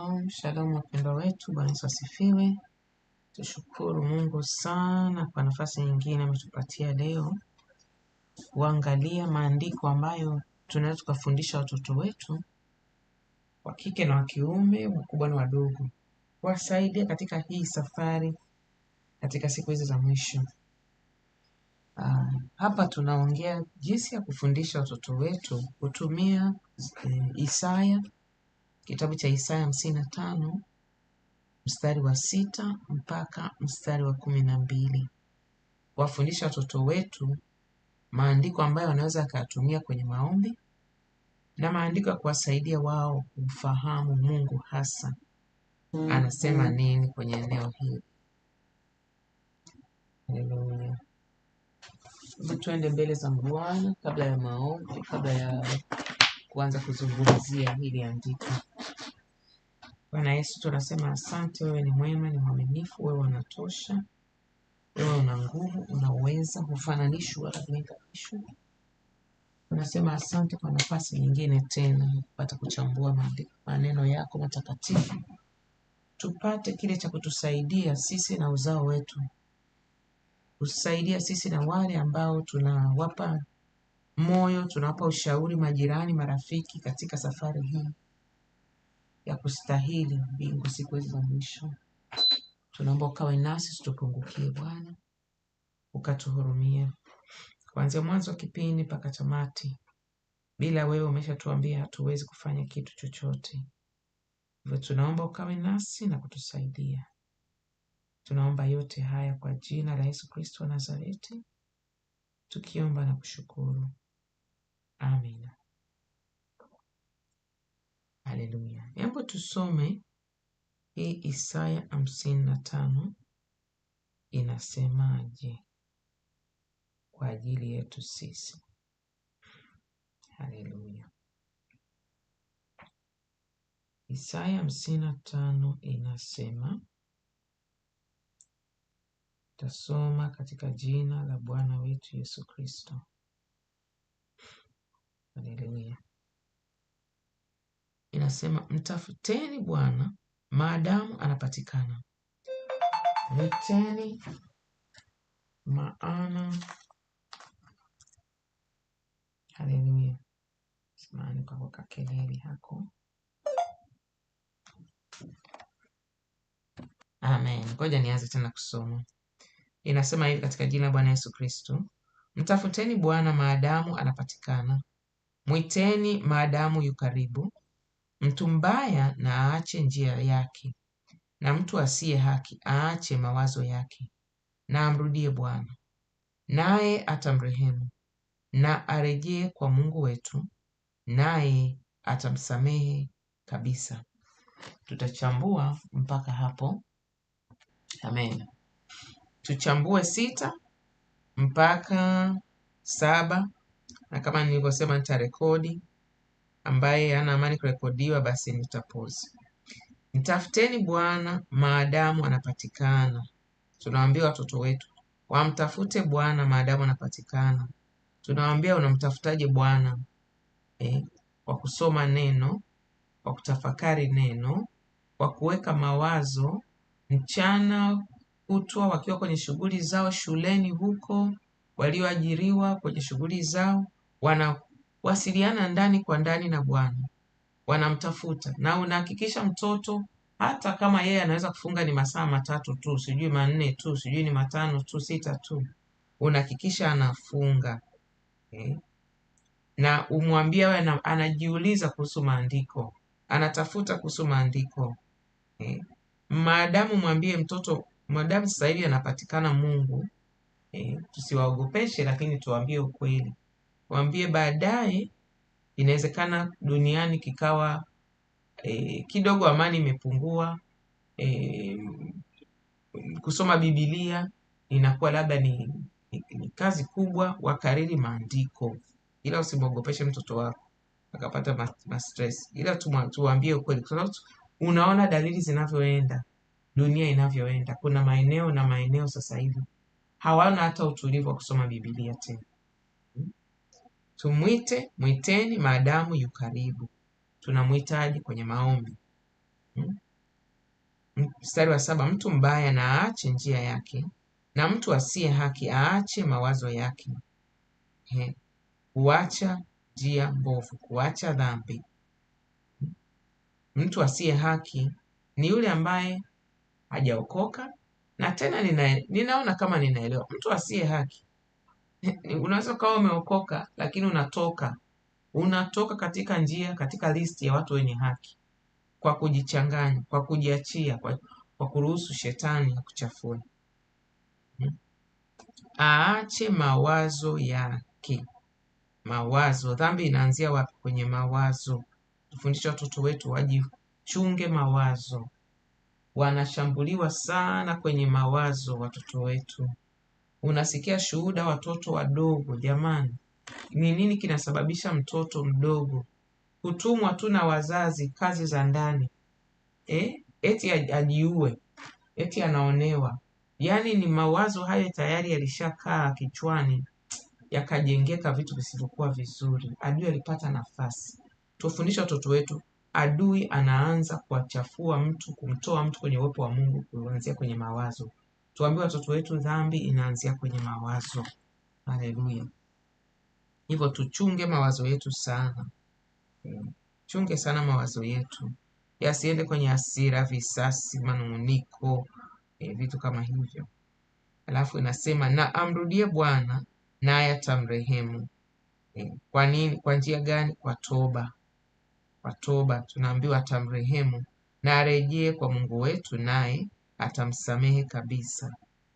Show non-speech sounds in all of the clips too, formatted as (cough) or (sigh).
Shalom, shalom wapendwa wetu, Bwana Yesu asifiwe. Tushukuru Mungu sana kwa nafasi nyingine ametupatia leo kuangalia maandiko ambayo tunaweza tukafundisha watoto wetu wa kike na wa kiume, wakubwa na wadogo, wasaidia katika hii safari katika siku hizi za mwisho. Uh, hapa tunaongea jinsi ya kufundisha watoto wetu kutumia uh, Isaya Kitabu cha Isaya hamsini na tano mstari wa sita mpaka mstari wa kumi na mbili. Wafundisha watoto wetu maandiko ambayo wanaweza akayatumia kwenye maombi na maandiko ya kuwasaidia wao kumfahamu Mungu hasa anasema mm-hmm. nini kwenye eneo hili. Haleluya. Tuende mbele za Bwana kabla ya maombi, kabla ya kuanza kuzungumzia hili andiko. Bwana Yesu, tunasema asante, wewe ni mwema, ni mwaminifu, wewe unatosha, wewe una nguvu, unaweza, hufananishi wala kulinganishwa. Tunasema asante kwa nafasi nyingine tena kupata kuchambua maneno yako matakatifu, tupate kile cha kutusaidia sisi na uzao wetu, kutusaidia sisi na wale ambao tunawapa moyo, tunawapa ushauri majirani, marafiki katika safari hii ya kustahili mbingu siku hizi za mwisho. Tunaomba ukawe nasi, tupungukie, Bwana, ukatuhurumia kuanzia mwanzo wa kipindi mpaka tamati. Bila wewe umeshatuambia hatuwezi kufanya kitu chochote, hivyo tunaomba ukawe nasi na kutusaidia. Tunaomba yote haya kwa jina la Yesu Kristo wa Nazareti, tukiomba na kushukuru. Amina. Haleluya. Hebu tusome hii Isaya hamsini na tano inasemaje kwa ajili yetu sisi. Haleluya. Isaya hamsini na tano inasema tasoma katika jina la Bwana wetu Yesu Kristo. Haleluya inasema mtafuteni Bwana maadamu anapatikana, mwiteni maana. Haleluya, samahani kwa kuweka kelele hako. Amen. Ngoja nianze tena kusoma. Inasema hivi katika jina la Bwana Yesu Kristo, mtafuteni Bwana maadamu anapatikana, mwiteni maadamu yu karibu Mtu mbaya na aache njia yake, na mtu asiye haki aache mawazo yake, na amrudie Bwana, naye atamrehemu, na arejee kwa Mungu wetu, naye atamsamehe kabisa. Tutachambua mpaka hapo. Amen. Tuchambue sita mpaka saba, na kama nilivyosema nitarekodi ambaye hana amani kurekodiwa, basi nitapozi. Mtafuteni Bwana maadamu anapatikana. Tunawaambia watoto wetu wamtafute Bwana maadamu anapatikana. Tunawaambia unamtafutaje Bwana? Eh, kwa kusoma neno, kwa kutafakari neno, kwa kuweka mawazo mchana kutwa, wakiwa kwenye shughuli zao shuleni huko, walioajiriwa kwenye shughuli zao, wana wasiliana ndani kwa ndani na Bwana, wanamtafuta na unahakikisha mtoto hata kama yeye anaweza kufunga ni masaa matatu tu, sijui manne tu, sijui ni matano tu, sita tu, unahakikisha anafunga okay. Eh? Na umwambie awe anajiuliza kuhusu maandiko, anatafuta kuhusu maandiko okay. Eh? Maadamu mwambie mtoto, maadamu sasa hivi anapatikana Mungu okay. Eh? Tusiwaogopeshe, lakini tuwaambie ukweli waambie baadaye inawezekana duniani kikawa e, kidogo amani imepungua e, kusoma bibilia inakuwa labda ni, ni, ni kazi kubwa wakariri maandiko ila usimwogopeshe mtoto wako akapata ma, stress ila tuwambie ukweli kwa sababu unaona dalili zinavyoenda dunia inavyoenda kuna maeneo na maeneo sasa hivi hawana hata utulivu wa kusoma bibilia tena Tumwite, mwiteni maadamu yu karibu. Tunamwitaji kwenye maombi. Hmm? Mstari wa saba, mtu mbaya na aache njia yake, na mtu asiye haki aache mawazo yake. He. Kuacha njia mbovu, kuacha dhambi. Hmm? Mtu asiye haki ni yule ambaye hajaokoka, na tena nina, ninaona kama ninaelewa mtu asiye haki (laughs) unaweza ukawa umeokoka lakini unatoka unatoka katika njia katika listi ya watu wenye haki kwa kujichanganya kwa kujiachia kwa, kwa kuruhusu shetani ya kuchafua hmm? aache mawazo yake mawazo dhambi inaanzia wapi kwenye mawazo tufundishe watoto wetu wajichunge mawazo wanashambuliwa sana kwenye mawazo watoto wetu Unasikia shuhuda watoto wadogo. Jamani, ni nini kinasababisha mtoto mdogo hutumwa tu na wazazi kazi za ndani eh? Eti ajiue, eti anaonewa. Yaani ni mawazo hayo tayari yalishakaa kichwani yakajengeka vitu visivyokuwa vizuri. Adui alipata nafasi. Tufundisha watoto wetu, adui anaanza kuwachafua mtu, kumtoa mtu kwenye uwepo wa Mungu kuanzia kwenye mawazo tuambie watoto wetu dhambi inaanzia kwenye mawazo. Haleluya! Hivyo tuchunge mawazo yetu sana, chunge sana mawazo yetu yasiende kwenye asira visasi, manunguniko, e, vitu kama hivyo. Alafu inasema na amrudie Bwana naye atamrehemu. E, kwa nini? Kwa njia gani? Kwa toba. Kwa toba tunaambiwa atamrehemu na arejee kwa Mungu wetu naye atamsamehe kabisa.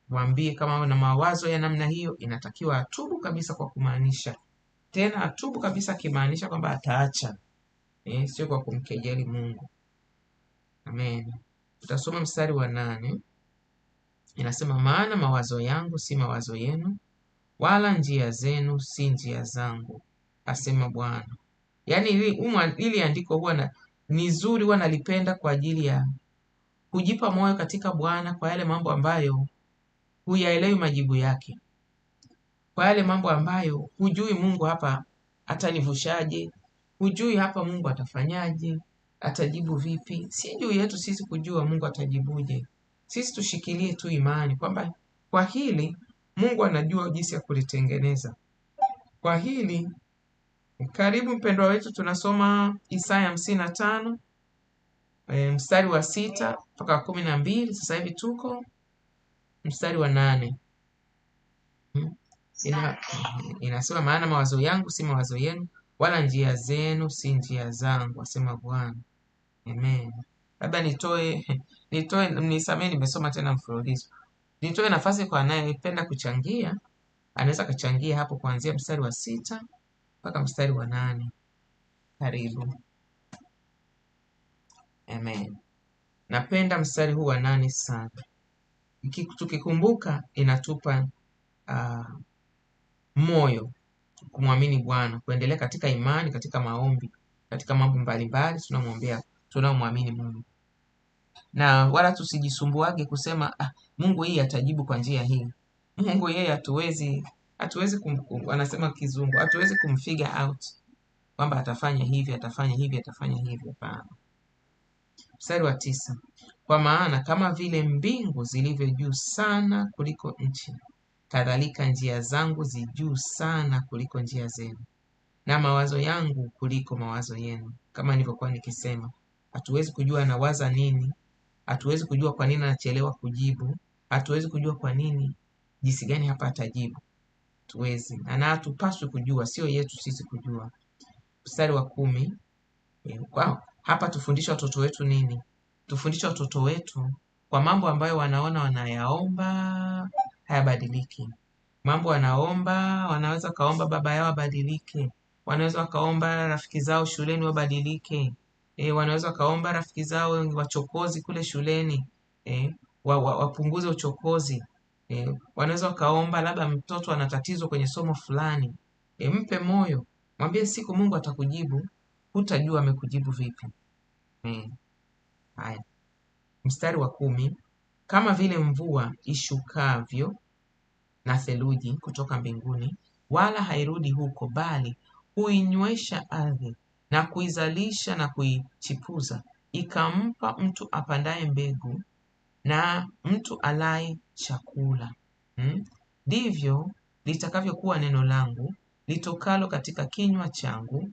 Mwambie kama na mawazo ya namna hiyo, inatakiwa atubu kabisa kwa kumaanisha tena, atubu kabisa akimaanisha kwamba ataacha eh, sio kwa kumkejeli Mungu. Amen. Tutasoma mstari wa nane, inasema maana mawazo yangu si mawazo yenu, wala njia zenu si njia zangu, asema Bwana. Yaani ili, ili andiko huwa na, ni zuri, huwa nalipenda kwa ajili ya hujipa moyo katika Bwana kwa yale mambo ambayo huyaelewi majibu yake, kwa yale mambo ambayo hujui Mungu hapa atanivushaje, hujui hapa Mungu atafanyaje, atajibu vipi. Si juu yetu sisi kujua Mungu atajibuje. Sisi tushikilie tu imani kwamba kwa hili Mungu anajua jinsi ya kulitengeneza. Kwa hili karibu, mpendwa wetu, tunasoma Isaya hamsini na tano e, mstari wa sita mpaka wa kumi na mbili sasa hivi tuko mstari wa nane hmm? Ina, inasema maana mawazo yangu si mawazo yenu, wala njia zenu si njia zangu, asema Bwana. Amen. Labda nitoe (laughs) nitoe, nisamee, nimesoma tena mfululizo. Nitoe nafasi kwa anayependa kuchangia, anaweza akachangia hapo kuanzia mstari wa sita mpaka mstari wa nane. Karibu. Amen. Napenda mstari huu wa nane sana. Tukikumbuka inatupa uh, moyo kumwamini Bwana, kuendelea katika imani, katika maombi, katika mambo mbalimbali tunamwombea, tunamwamini Mungu, na wala tusijisumbuage kusema ah, Mungu hii atajibu kwa njia hii. Mungu yeye hatuwezi hatuwezi anasema kizungu, hatuwezi kumfiga out kwamba atafanya hivi atafanya hivi atafanya hivi. Hapana. Mstari wa tisa, kwa maana kama vile mbingu zilivyo juu sana kuliko nchi, kadhalika njia zangu zi juu sana kuliko njia zenu, na mawazo yangu kuliko mawazo yenu. Kama nilivyokuwa nikisema, hatuwezi kujua anawaza nini, hatuwezi kujua kwa nini anachelewa kujibu, hatuwezi kujua kwa nini, jinsi gani hapa atajibu, tuwezi na hatupaswi kujua, sio yetu sisi kujua. Mstari wa kumi, eh, hapa tufundishe watoto wetu nini? Tufundishe watoto wetu kwa mambo ambayo wanaona wanayaomba hayabadiliki. Mambo wanaomba, wanaweza wakaomba baba yao abadilike, wanaweza wakaomba rafiki zao shuleni wabadilike, e, wanaweza wakaomba rafiki zao wachokozi kule shuleni e, wa, wa, wapunguze uchokozi e, wanaweza wakaomba labda mtoto ana tatizo kwenye somo fulani e, mpe moyo, mwambie siku Mungu atakujibu hutajua amekujibu vipi. Hmm. Haya, mstari wa kumi, kama vile mvua ishukavyo na theluji kutoka mbinguni, wala hairudi huko, bali huinywesha ardhi na kuizalisha na kuichipuza, ikampa mtu apandaye mbegu na mtu alaye chakula. Hmm. Ndivyo litakavyokuwa neno langu litokalo katika kinywa changu,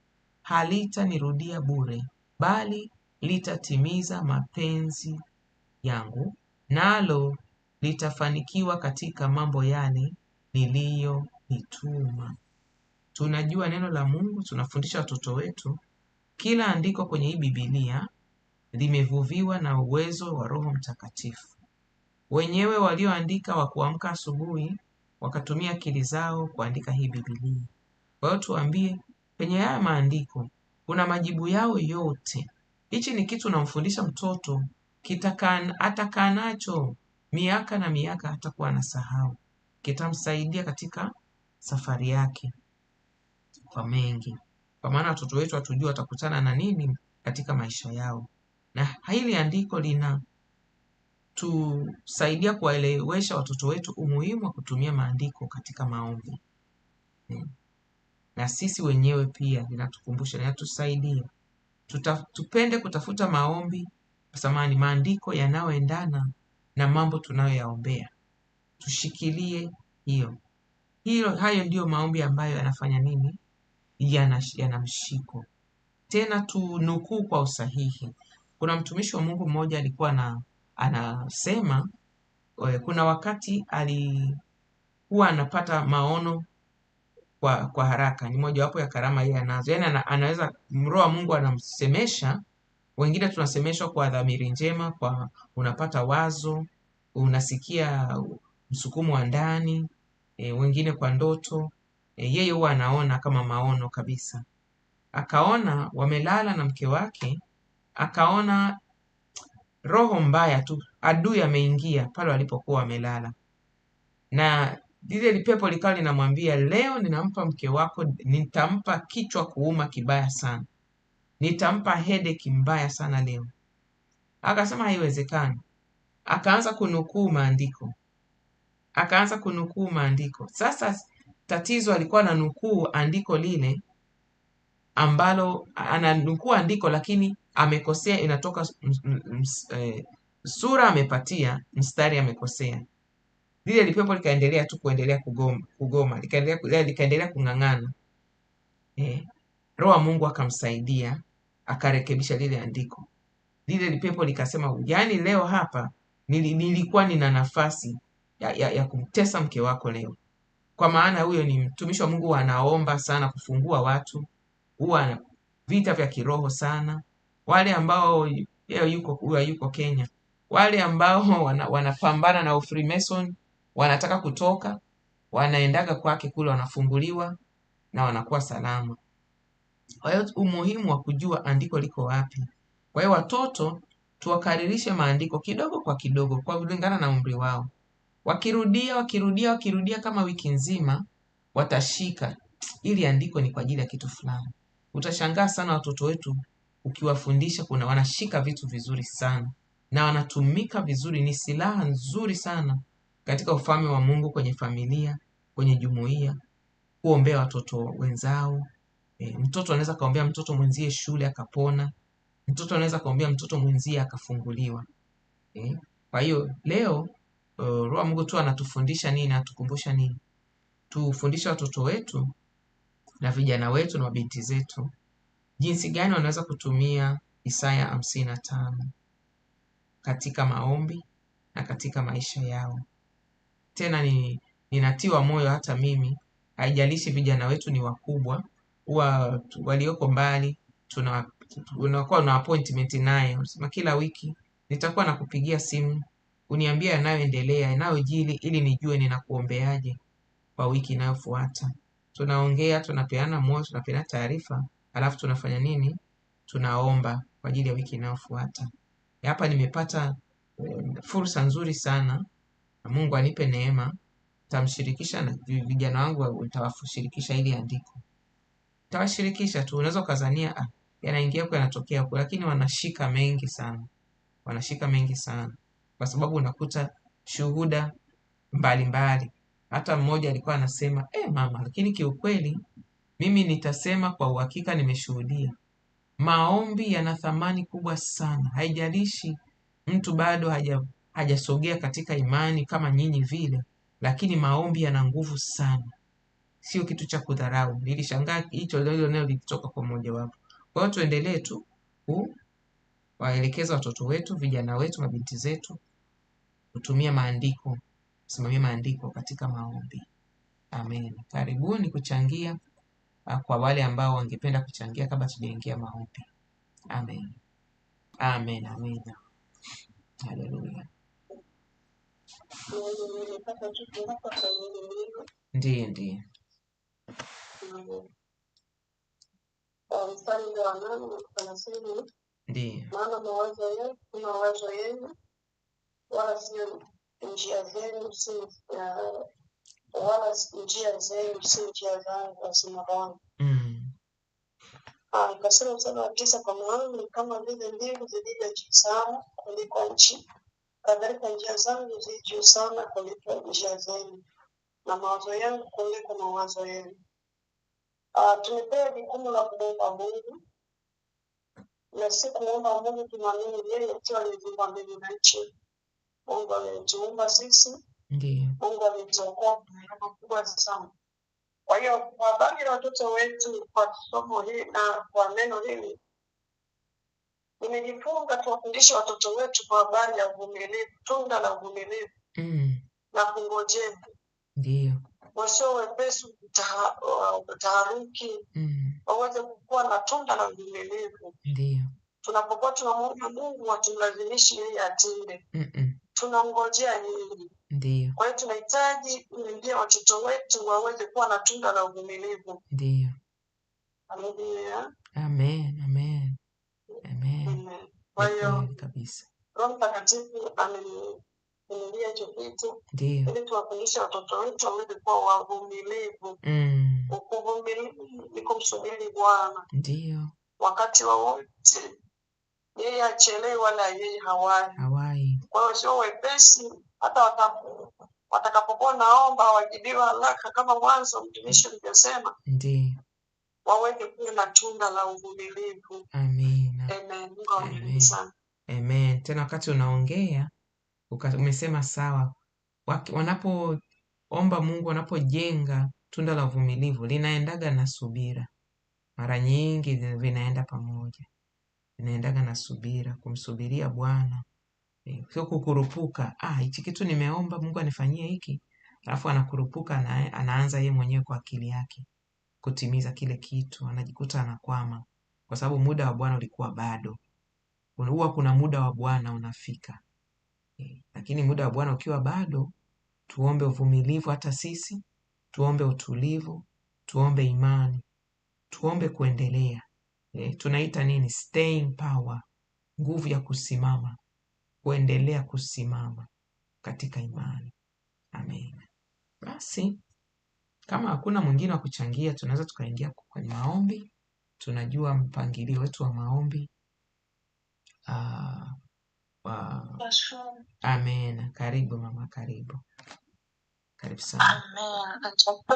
halitanirudia bure, bali litatimiza mapenzi yangu, nalo litafanikiwa katika mambo yale niliyolituma. Tunajua neno la Mungu, tunafundisha watoto wetu. Kila andiko kwenye hii Biblia limevuviwa na uwezo wa Roho Mtakatifu. Wenyewe walioandika wa kuamka asubuhi wakatumia akili zao kuandika hii Biblia. Kwa hiyo tuambie, Kwenye haya maandiko kuna majibu yao yote. Hichi ni kitu namfundisha mtoto kitakan, atakaa nacho miaka na miaka, hatakuwa anasahau. Kitamsaidia katika safari yake kwa mengi, kwa maana watoto wetu hatujua watakutana na nini katika maisha yao, na hili andiko lina tusaidia kuwaelewesha watoto wetu umuhimu wa kutumia maandiko katika maombi. Hmm na sisi wenyewe pia linatukumbusha, linatusaidia Tuta, tupende kutafuta maombi samani maandiko yanayoendana na mambo tunayoyaombea. Tushikilie hiyo hilo, hayo ndiyo maombi ambayo yanafanya nini, yana, yana mshiko. Tena tunukuu kwa usahihi. Kuna mtumishi wa Mungu mmoja alikuwa na, anasema kuna wakati alikuwa anapata maono kwa, kwa haraka ni mojawapo ya karama yeye anazo. Yaani ana, anaweza mroa Mungu anamsemesha, wengine tunasemeshwa kwa dhamiri njema, kwa unapata wazo, unasikia msukumo wa ndani e, wengine kwa ndoto e, yeye huwa anaona kama maono kabisa. Akaona wamelala na mke wake, akaona roho mbaya tu, adui ameingia pale walipokuwa wamelala, na lile pepo likawa linamwambia leo ninampa mke wako, nitampa kichwa kuuma kibaya sana, nitampa hedeki mbaya sana leo. Akasema haiwezekani, akaanza kunukuu maandiko, akaanza kunukuu maandiko. Sasa tatizo alikuwa ananukuu andiko lile ambalo ananukuu andiko lakini amekosea, inatoka ms, mm, ms, mm, ms, mm, e, eh, sura amepatia, mstari amekosea. Lile lipepo likaendelea tu kuendelea kugoma, kugoma likaendelea, likaendelea kung'ang'ana eh. Roho Mungu akamsaidia akarekebisha lile andiko. Lile lipepo likasema, yaani leo hapa nilikuwa nina nafasi ya, ya, ya kumtesa mke wako leo, kwa maana huyo ni mtumishi wa Mungu, anaomba sana kufungua watu, huwa vita vya kiroho sana. Wale ambao yuko, yuko Kenya, wale ambao wanapambana na Freemason wanataka kutoka, wanaendaga kwake kule, wanafunguliwa na wanakuwa salama. Kwa hiyo umuhimu wa kujua andiko liko wapi. Kwa hiyo watoto tuwakaririshe maandiko kidogo kwa kidogo, kwa kulingana na umri wao. Wakirudia wakirudia wakirudia kama wiki nzima, watashika ili andiko ni kwa ajili ya kitu fulani. Utashangaa sana watoto wetu ukiwafundisha, kuna wanashika vitu vizuri sana na wanatumika vizuri, ni silaha nzuri sana katika ufalme wa Mungu, kwenye familia, kwenye jumuiya, kuombea watoto wenzao. E, mtoto anaweza kaombea mtoto mwenzie shule akapona. Mtoto anaweza kaombea mtoto mwenzie akafunguliwa. E, kwa hiyo leo uh, Roho Mungu tu anatufundisha nini, anatukumbusha nini? Tufundishe watoto wetu na vijana wetu na mabinti zetu jinsi gani wanaweza kutumia Isaya hamsini na tano katika maombi na katika maisha yao tena ni, ninatiwa moyo hata mimi, haijalishi vijana wetu ni wakubwa, huwa walioko mbali tuna unakuwa una appointment naye, unasema kila wiki nitakuwa nakupigia simu uniambia yanayoendelea yanayojili, ili nijue ninakuombeaje kwa wiki inayofuata. Tunaongea, tunapeana moyo, tunapeana taarifa, alafu tunafanya nini? Tunaomba kwa ajili ya wiki inayofuata. Hapa nimepata eh, fursa nzuri sana Mungu anipe neema, tamshirikisha na vijana wangu nitawashirikisha ili andiko. Tawashirikisha tu, unaweza ukazania ah, yanaingia huko yanatokea huko, lakini wanashika mengi sana, wanashika mengi sana, kwa sababu unakuta shuhuda mbalimbali mbali. Hata mmoja alikuwa anasema eh, mama, lakini kiukweli mimi nitasema kwa uhakika, nimeshuhudia maombi yana thamani kubwa sana, haijalishi mtu bado haja hajasogea katika imani kama nyinyi vile, lakini maombi yana nguvu sana, sio kitu cha kudharau. Nilishangaa hicho hilo neno lilitoka kwa mmojawapo. Kwa hiyo tuendelee tu kuwaelekeza watoto wetu, vijana wetu, mabinti zetu kutumia maandiko, kusimamia maandiko katika maombi. Amen. Karibuni kuchangia ah, kwa wale ambao wangependa kuchangia kabla tujaingia maombi. Amen. Amen, amen. Haleluya. Ndiyo, ndiyo. Ndiyo. mawazo yenu si mawazo yenu, wala sio njia zenu, si wala njia zenu, si njia zangu, asema Bwana. Kasema mstari wa tisa, kwa maana kama vile mbingu zilivyo juu sana kuliko nchi kadhalika njia zangu zi juu sana kuliko njia zenu na mawazo yangu kuliko mawazo yenu. Uh, tumepewa jukumu la kumwomba Mungu na si kumwomba Mungu, tunaamini yeye tu aliyeziumba mbingu na nchi. Mungu aliyetuumba sisi, ndiyo Mungu aliyetuokoa kwa neema kubwa sana. Kwa hiyo kwa habari ya watoto wetu, kwa somo hili na kwa neno hili nimejifunza kuwafundisha watoto wetu kwa habari ya uvumilivu, tunda la uvumilivu mm. na kungojeka, ndio wasio wepesi uh, taharuki, mm. waweze kukuwa na tunda la uvumilivu. Ndio tunapokuwa tunamuona Mungu hatumlazimishi yeye atende, tunangojea yeye. Ndio kwa hiyo tunahitaji kuingia watoto wetu waweze kuwa na tunda la uvumilivu. Ndio, amen. Kwa hiyo kabisa Roho Mtakatifu amenifunulia hicho kitu ili tuwafundishe watoto wetu waweze kuwa wavumilivu. Mm. Uvumilivu ni kumsubiri Bwana ndio wakati wowote, yeye achelewe wala yeye hawai hawahi. Kwa hiyo sio wepesi, hata watakapokuwa naomba wajibiwa haraka kama mwanzo mtumishi alivyosema, ndio waweze kuwa na tunda la uvumilivu. Amen. Amen. Tena wakati unaongea umesema sawa, wanapoomba Mungu, wanapojenga tunda la uvumilivu linaendaga na subira, mara nyingi vinaenda pamoja, vinaendaga na subira, kumsubiria Bwana, eh, sio kukurupuka. Ah, hichi kitu nimeomba Mungu anifanyie hiki, alafu anakurupuka, anaanza yeye mwenyewe kwa akili yake kutimiza kile kitu, anajikuta anakwama kwa sababu muda wa Bwana ulikuwa bado. Huwa kuna muda wa Bwana unafika e, lakini muda wa Bwana ukiwa bado, tuombe uvumilivu hata sisi, tuombe utulivu, tuombe imani, tuombe kuendelea e, tunaita nini, staying power, nguvu ya kusimama, kuendelea kusimama katika imani. Amen. Basi kama hakuna mwingine wa kuchangia, tunaweza tukaingia kwenye maombi tunajua mpangilio wetu wa maombi uh, uh, amen. Karibu mama, karibu karibu sana.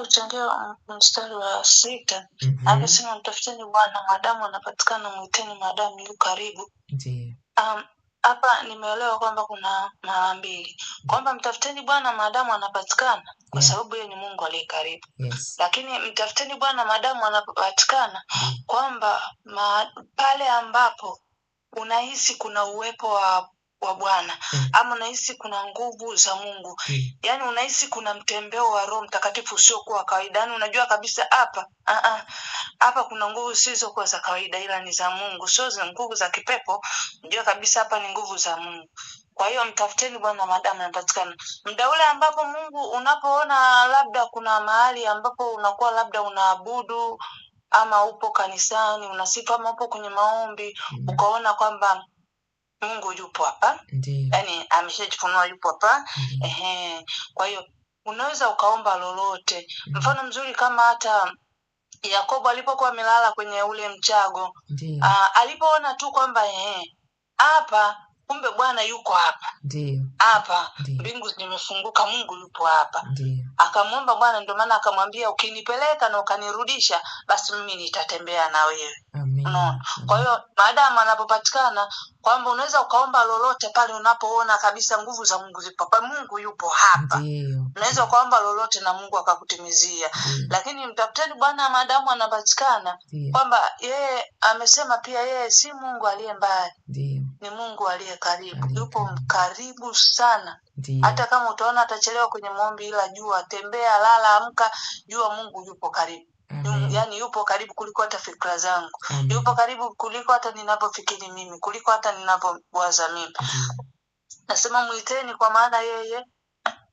Uchangia mstari wa sita mm -hmm. mtafuteni Bwana maadamu anapatikana, mwiteni maadamu yu karibu. ndio Um, hapa nimeelewa kwamba kuna mara mbili, kwamba mtafuteni Bwana maadamu anapatikana, kwa mm. sababu yeye ni Mungu aliye karibu yes. Lakini mtafuteni Bwana maadamu anapatikana, mm. kwamba ma, pale ambapo unahisi kuna uwepo wa wa Bwana mm. ama unahisi kuna nguvu za Mungu mm. yani unahisi kuna mtembeo wa Roho Mtakatifu usiokuwa kawaida, yaani unajua kabisa hapa ah, ah, hapa uh -uh. kuna nguvu zisizokuwa za kawaida, ila ni za Mungu, sio za nguvu za kipepo. Unajua kabisa hapa ni nguvu za Mungu. Kwa hiyo mtafuteni Bwana maadamu anapatikana. Muda ule ambapo Mungu unapoona labda kuna mahali ambapo unakuwa labda unaabudu ama upo kanisani unasifa ama upo kwenye maombi mm. ukaona kwamba Mungu yupo hapa, yaani ameshajifunua yupo hapa. Ehe, kwa hiyo unaweza ukaomba lolote. Mfano mzuri kama hata Yakobo alipokuwa amelala kwenye ule mchago, ah, alipoona tu kwamba ehe, hapa kumbe bwana yuko hapa hapa mbingu zimefunguka mungu yupo hapa akamwomba bwana ndio maana akamwambia ukinipeleka na ukanirudisha basi mimi nitatembea na wewe unaona kwa hiyo maadamu anapopatikana kwamba unaweza ukaomba lolote pale unapoona kabisa nguvu za mungu zipo pa mungu yupo hapa unaweza ukaomba lolote na mungu akakutimizia lakini mtafuteni bwana maadamu anapatikana kwamba yeye amesema pia yeye si mungu aliye mbali ni Mungu aliye karibu, yupo karibu sana. Hata kama utaona atachelewa kwenye maombi, ila jua, tembea, lala, amka, jua Mungu yupo karibu. Amen. Yani yupo karibu kuliko hata fikra zangu. Amen. Yupo karibu kuliko hata ninavyofikiri mimi, kuliko hata ninavyowaza mimi. Nasema mwiteni, kwa maana yeye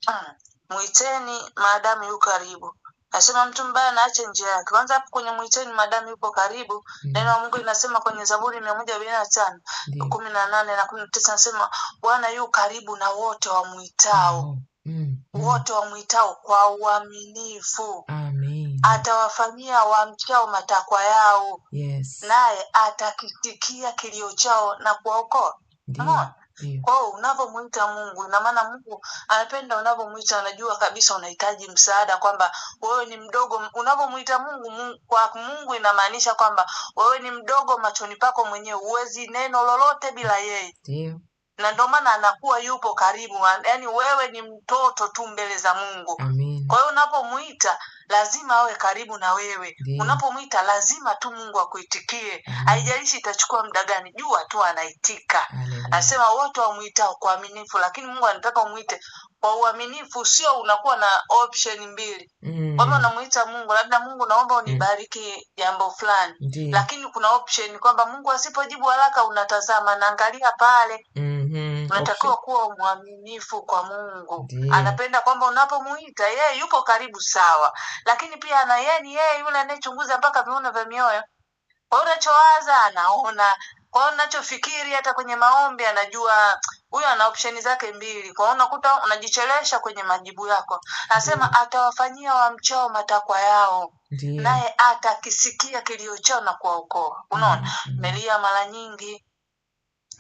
(clears throat) mwiteni maadamu yu karibu Asema mtu mbaya anaacha njia yake. Kwanza hapo kwenye mwiteni madamu yupo karibu. Mm. Neno la Mungu linasema kwenye Zaburi mia moja na tano kumi na nane na kumi na tisa nasema Bwana yu karibu na wote wamwitao. mm. mm. mm. wote wamwitao kwa uaminifu atawafanyia wamchao matakwa yao. Yes. Naye atakitikia kilio chao na kuwaokoa. Unaona? Kwa hiyo unavyomwita Mungu, inamaana maana Mungu anapenda unavyomwita, anajua kabisa unahitaji msaada, kwamba wewe ni mdogo. Unavyomwita Mungu, Mungu kwa Mungu inamaanisha kwamba wewe ni mdogo machoni pako mwenyewe, huwezi neno lolote bila yeye. Ndio na ndio maana anakuwa yupo karibu, yaani wewe ni mtoto tu mbele za Mungu. Amen. Kwa hiyo unapomwita lazima awe karibu na wewe, unapomwita lazima tu Mungu akuitikie, haijalishi itachukua muda gani, jua tu anaitika. Anasema wote wamwitao kwa aminifu, lakini Mungu anataka umwite kwa uaminifu sio unakuwa na option mbili mm. kwamba unamuita Mungu labda, Mungu naomba mm. unibariki jambo mm. fulani, lakini kuna option kwamba Mungu asipojibu haraka unatazama, naangalia pale mm -hmm. unatakiwa kuwa mwaminifu kwa Mungu Deo. anapenda kwamba unapomuita yeye yupo karibu, sawa, lakini pia na yeye ni yeye yule anayechunguza mpaka viuno vya mioyo. Kwa hiyo unachowaza anaona, kwa hiyo unachofikiri hata kwenye maombi anajua huyo ana opsheni zake mbili. Kwa unakuta unajichelesha kwenye majibu yako, anasema mm. atawafanyia wamchao matakwa yao, naye atakisikia kilio chao na kuwaokoa. Unaona, mm, mm. melia mara nyingi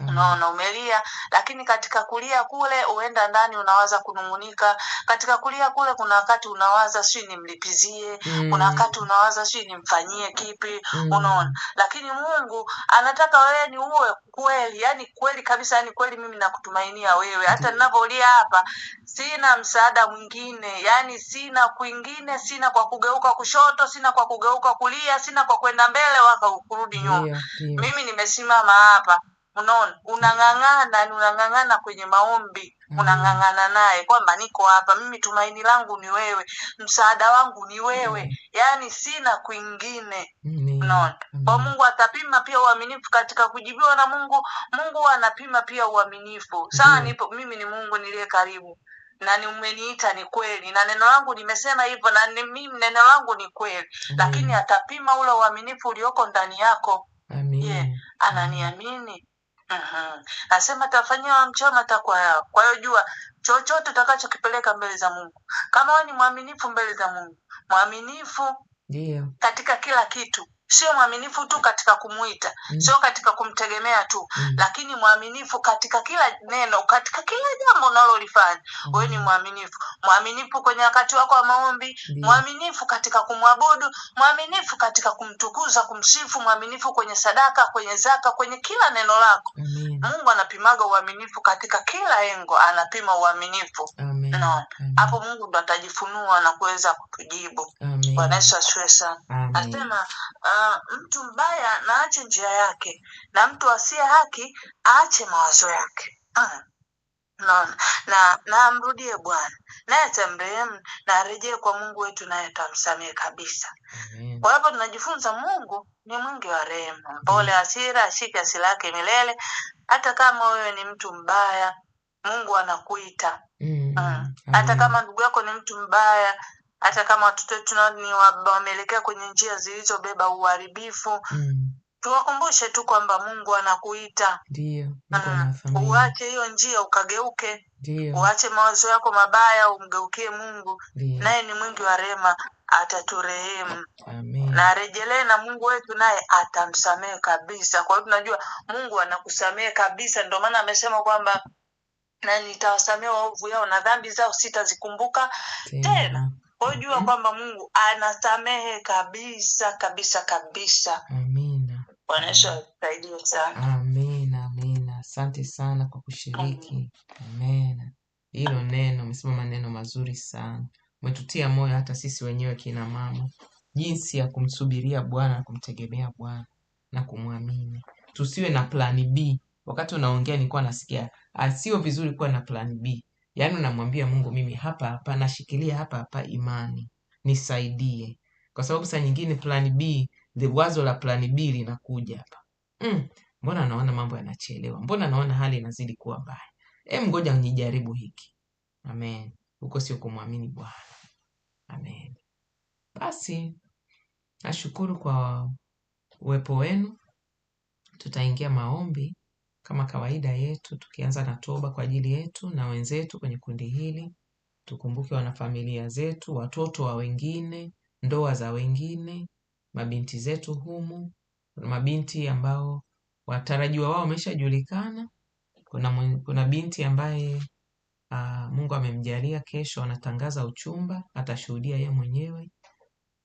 unaona mm. umelia, lakini katika kulia kule uenda ndani unawaza kunungunika. Katika kulia kule kuna wakati unawaza sijui nimlipizie mm. kuna wakati unawaza sijui nimfanyie kipi mm. unaona, lakini Mungu anataka wewe ni uwe kweli, yani kweli kabisa, yani kweli, mimi nakutumainia wewe. Hata mm. ninavyolia hapa, sina msaada mwingine, yani sina kwingine, sina kwa kugeuka kushoto, sina kwa kugeuka kulia, sina kwa kwenda mbele waka kurudi nyuma. Mimi nimesimama hapa Unaona, unang'ang'ana ni unang'ang'ana kwenye maombi mm. Unang'ang'ana naye kwamba niko hapa mimi, tumaini langu ni wewe, msaada wangu ni wewe mm. Yaani sina kwingine Unaona mm. Kwa Mungu atapima pia uaminifu katika kujibiwa na Mungu. Mungu anapima pia uaminifu sawa mm. Nipo mimi, ni Mungu niliye karibu na ni umeniita ni kweli, na neno langu nimesema hivyo, na ni mimi neno langu ni kweli mm. Lakini atapima ule uaminifu ulioko ndani yako. Amin. Yeah, ananiamini Mm-hmm. Asema tafanyiwa mchoma takwa yao. Kwa hiyo jua chochote utakachokipeleka mbele za Mungu, kama wewe ni mwaminifu mbele za Mungu, mwaminifu Ndio. katika kila kitu, sio mwaminifu tu katika kumuita mm. sio katika kumtegemea tu mm. lakini mwaminifu katika kila neno katika kila jambo unalolifanya mm. wewe ni mwaminifu mwaminifu kwenye wakati wako wa maombi mm. mwaminifu katika kumwabudu mwaminifu katika kumtukuza kumsifu mwaminifu kwenye sadaka kwenye zaka kwenye kila neno lako mm. mungu anapimaga uaminifu katika kila engo anapima uaminifu no hapo mungu ndo atajifunua na kuweza kutujibu bwana yesu asiwe sana anasema uh, mtu mbaya na aache njia yake, na mtu asiye haki aache mawazo yake. Ah, Naona na na amrudie Bwana naye atamrehemu na arejee kwa Mungu wetu naye atamsamehe kabisa. Kwa hapo tunajifunza Mungu ni mwingi wa rehema, mpole, hasira, ashike hasira yake milele. Hata kama wewe ni mtu mbaya, Mungu anakuita. Mm. Ah, mm hata kama ndugu yako ni mtu mbaya, hata kama watoto ni wameelekea kwenye njia zilizobeba uharibifu mm tuwakumbushe tu kwamba mungu anakuita uache hiyo njia ukageuke uache mawazo yako mabaya umgeukie mungu naye ni mwingi wa rehema ataturehemu na arejelee na mungu wetu naye atamsamehe kabisa kwa hiyo tunajua mungu anakusamehe kabisa ndio maana amesema kwamba na nitawasamea waovu yao na dhambi zao sitazikumbuka tena, tena kwa hiyo jua mm-hmm. kwamba Mungu anasamehe kabisa kabisa kabisa. Amina. sana. Amina, amina. Asante sana kwa kushiriki. Amina. Hilo neno, umesema maneno mazuri sana. Umetutia moyo hata sisi wenyewe kina mama, jinsi ya kumsubiria Bwana na kumtegemea Bwana na kumwamini. Tusiwe na plani B. Wakati unaongea nilikuwa nasikia ah, sio vizuri kuwa na plani B Yaani unamwambia Mungu, mimi hapa hapa nashikilia hapa hapa imani, nisaidie, kwa sababu saa nyingine plan B, wazo la plan B linakuja hapa mm, mbona naona mambo yanachelewa, mbona naona hali inazidi kuwa mbaya, e mgoja nijaribu hiki. Amen. Huko sio kumwamini Bwana. Amen. Basi nashukuru kwa uwepo wenu, tutaingia maombi kama kawaida yetu, tukianza na toba kwa ajili yetu na wenzetu kwenye kundi hili, tukumbuke wanafamilia zetu, watoto wa wengine, ndoa za wengine, mabinti zetu humu, mabinti ambao watarajiwa wao wameshajulikana. Kuna, kuna binti ambaye uh, Mungu amemjalia, kesho anatangaza uchumba, atashuhudia ye mwenyewe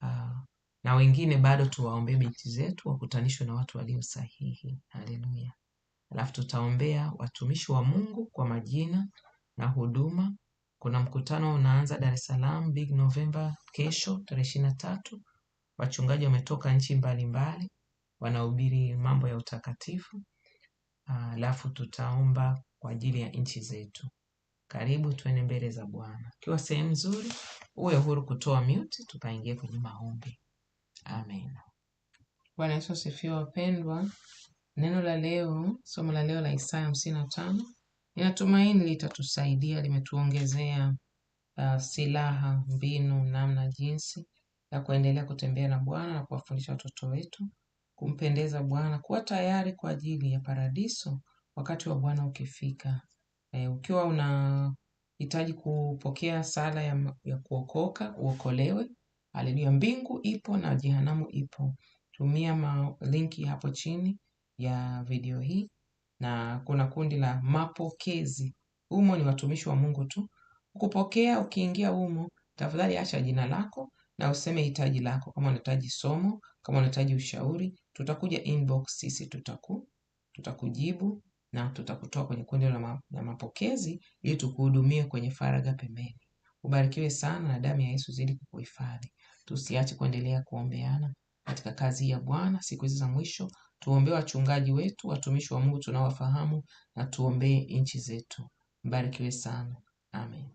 uh, na wengine bado tuwaombee binti zetu wakutanishwe na watu walio sahihi. Haleluya. Alafu tutaombea watumishi wa Mungu kwa majina na huduma. Kuna mkutano unaanza Dar es Salaam Big November kesho tarehe ishirini na tatu. Wachungaji wametoka nchi mbalimbali wanahubiri mambo ya utakatifu. Alafu tutaomba kwa ajili ya nchi zetu. Karibu tuende mbele za Bwana. Ukiwa sehemu nzuri, uwe huru kutoa mute, tukaingia kwenye maombi. Amen. Bwana Yesu asifiwe wapendwa. Neno la leo, somo la leo la Isaya hamsini na tano ninatumaini litatusaidia, limetuongezea uh, silaha, mbinu, namna, jinsi ya kuendelea kutembea na Bwana na kuwafundisha watoto wetu kumpendeza Bwana, kuwa tayari kwa ajili ya paradiso wakati wa Bwana ukifika. E, ukiwa unahitaji kupokea sala ya, ya kuokoka uokolewe, haleluya. Mbingu ipo na jehanamu ipo. Tumia linki hapo chini ya video hii, na kuna kundi la mapokezi. Humo ni watumishi wa Mungu tu. Ukupokea, ukiingia humo, tafadhali acha jina lako na useme hitaji lako, kama unahitaji somo, kama unahitaji ushauri, tutakuja inbox, sisi tutaku tutakujibu na tutakutoa kwenye kundi la, ma, mapokezi ili tukuhudumie kwenye faraga pembeni. Ubarikiwe sana na damu ya Yesu zidi kukuhifadhi. Tusiache kuendelea kuombeana katika kazi ya Bwana siku hizi za mwisho. Tuombee wachungaji wetu, watumishi wa Mungu tunaowafahamu, na tuombee nchi zetu. Mbarikiwe sana. Amen.